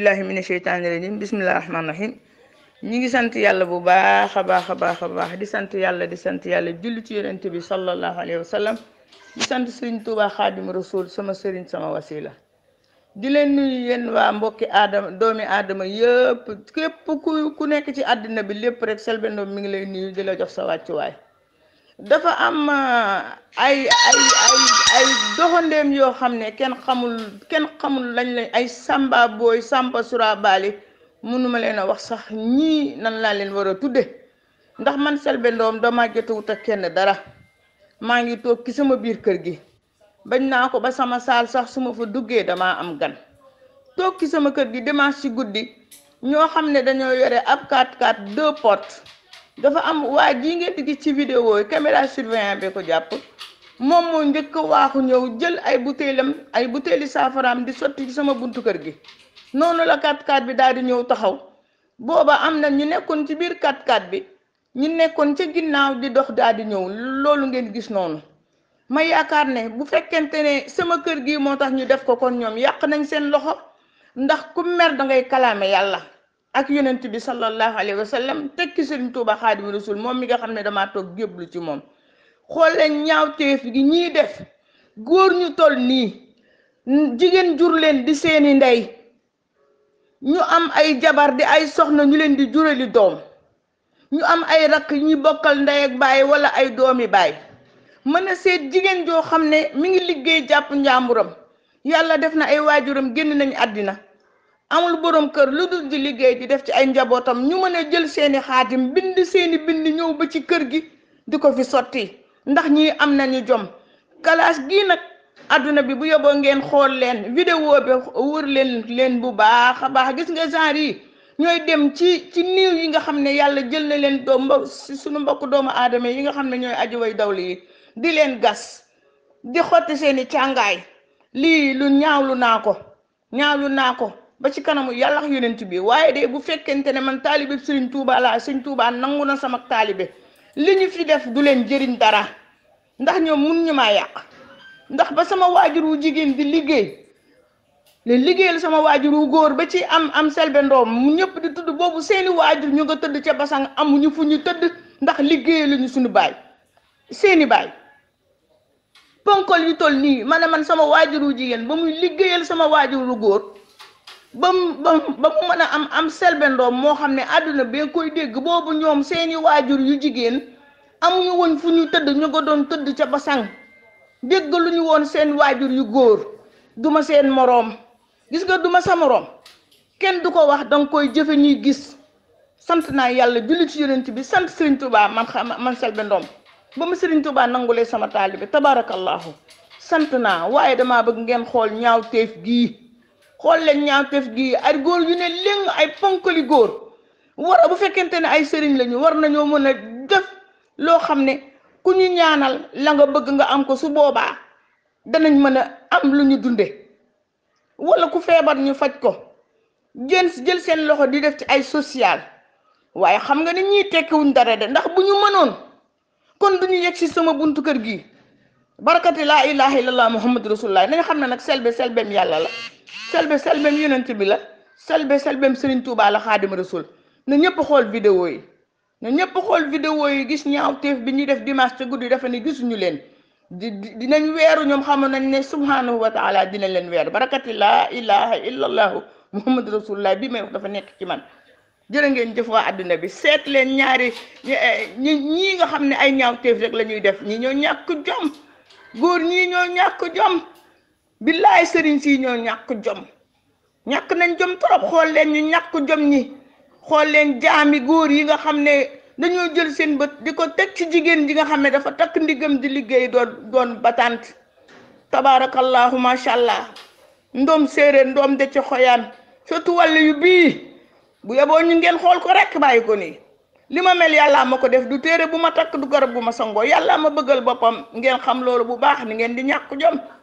billahi mina sheytaani rajim bismillahi rahmaani rahim ñi ngi sant yàlla bu baax a baax a baax a baax di sant yàlla di sant yàlla julli ci yonent bi sallallahu alayhi wa sallam di sant sëriñ Tuubaa xaadim rasul sama sëriñ sama la di leen nuyu yéen waa mbokki aadama doomi aadama yëpp képp ku ku nekk ci àddina bi lépp rek Selbé Ndom mi ngi lay nuyu di la jox sa wàccuwaay dafa am euh, ay ay ay ay yoo xam ne kenn xamul kenn xamul lañ lañ ay samba booy samba surabaali mënuma leen a wax sax ñii nan laa leen war a tuddee ndax man Selbé Ndom dama jotewut ak kenn dara maa ngi toog ki sama biir kër gi bañ naa ko ba sama saal sax su ma fa duggee damaa am gan toog ci sama kër gi dimanche ci guddi ñoo xam ne dañoo yore ab 4-4 deux portes dafa am waa jii ngeen di gis ci vidéo yi caméra surveillant bi ko jàpp moom moo njëkk waaxu ñëw jël ay butéelam ay butéeli saafaraam di sotti ci sama buntu kër gi noonu la 4 x bi daal di ñëw taxaw booba am na ñu nekkoon ci biir 4 x bi ñu nekkoon ca ginnaaw di dox daal di ñëw loolu ngeen gis noonu ma yaakaar ne bu fekkente ne sama kër gi moo tax ñu def ko kon ñoom yàq nañ seen loxo ndax ku mer da ngay kalaame yàlla ak yonent bi sallallahu alayhi wa sallam tekki sëriñ Tuuba xaadimu rasul moom mi nga xam ne damaa toog lu ci moom xool leen ñaawteef gi ñiy def góor ñu toll nii jigéen jur leen di seeni ndey ñu am ay jabar di ay soxna ñu leen di jurali doom ñu am ay rakk ñuy bokkal ndey ak baay wala ay doomi baay mën a seet jigéen joo xam ne mi ngi liggéey jàpp njàmburam yàlla def na ay waajuram génn nañu àddina amul borom kër lu dul di liggéey di def ci ay njabootam ñu mën a jël seeni xaatim bind seeni bind ñëw ba ci kër gi di ko fi sotti ndax ñii am nañu jom kalaas gii nag àdduna bi bu yóbboo ngeen xool leen vidéo bi wër leen leen bu baax a baax gis nga genre yi ñooy dem ci ci niiw yi nga xam ne yàlla jël na leen doom mba suñu mbokk doomu aadama yi nga xam ne ñooy aji way dawli yi di leen gas di xotti seeni càngaay lii lu ñaawlu naa ko ñaawlu naa ko ba ci kanamu yàlla yonent bi waaye de bu fekkente ne man taalibe Serigne tuubaalaa laa Serigne Touba nangu na sama taalibe li ñu fi def du leen jëriñ dara ndax ñoom mun ñu maa yàq ndax ba sama waajur wu jigéen di liggéey le liggéeyal sama waajur góor ba ci am am selbe ñëpp di tudd boobu seeni waajur ñu tëdd ca basang amuñu fu ñu tëdd ndax liggéeyaluñu suñu baay seeni baay ponkol yu toll nii ma ne man sama waajur wu jigéen ba muy liggéeyal sama waajur wu góor. ba mu ba mu mën a am am selbendoo moo xam ne àdduna bi koy dégg boobu ñoom seeni waajur yu jigéen amuñu woon fu ñu tëdd ñu ko doon tëdd ca basan dégg lu ñu woon seen waajur yu góor duma seen moroom gis nga duma sa moroom kenn du ko wax danga koy jëfe ñuy gis sant naa yàlla julli ci yonent bi sant Serigne tubaa man xam man Selbé Ndom ba tubaa nangu Touba sama taalibe tabaarakallaahu sant naa waaye damaa bëgg ngeen xool ñaaw teef gii xool leen ñaawteef gii ay góor yu ne léng ay ponkali góor war bu fekkente ne ay sëriñ lañu war nañoo mën a def loo xam ne ku ñu ñaanal la nga bëgg nga am ko su boobaa danañ mën a am lu ñu dunde wala ku feebar ñu faj ko jën jël seen loxo di def ci ay social waaye xam nga ni ñuy tekkiwuñ dara de ndax bu ñu mënoon kon du ñu yegg si sama buntu kër gi barakati laa ilaha illallah muhammadu rasulullah nañu xam ne nag selbe selbeem yàlla la selbe selbeem yonent bi la selbe selbeem Serigne Touba la xaadima rasul na ñëpp xool vidéo yi na ñëpp xool vidéo yi gis ñaawteef bi ñuy def dimanche ci guddi dafa ne gisuñu leen di dinañ weeru ñoom xam nañ ne subhanahu wa taala dinañ leen weer barakati laa ilaha illallahu muhammadu rasulullah bi may dafa nekk ci man jërë ngeen jëf waa àdduna bi seet leen ñaari ñi nga xam ne ay ñaawteef rek la ñuy def ñi ñoo ñàkk jom góor ñii ñoo ñàkk jom billaay sëriñ si ñoo ñàkk jom ñàkk nañ jom trop xool leen ñu ñàkk jom ñi xool leen jaami góor yi nga xam ne dañoo jël seen bët di ko teg ci jigéen ji nga xam ne dafa takk ndigam di liggéey doon doon batant tabaarakallaahu macha allah ndoom séeréer ndoom de ci xoyaan surtout wàllu yu bii bu yeboo ñu ngeen xool ko rekk bàyyi ko nii li ma mel yàllaa ma ko def du téere bu ma takk du garab bu ma sangoo yàllaa ma bëggal boppam ngeen xam loolu bu baax ni ngeen di ñàkk jom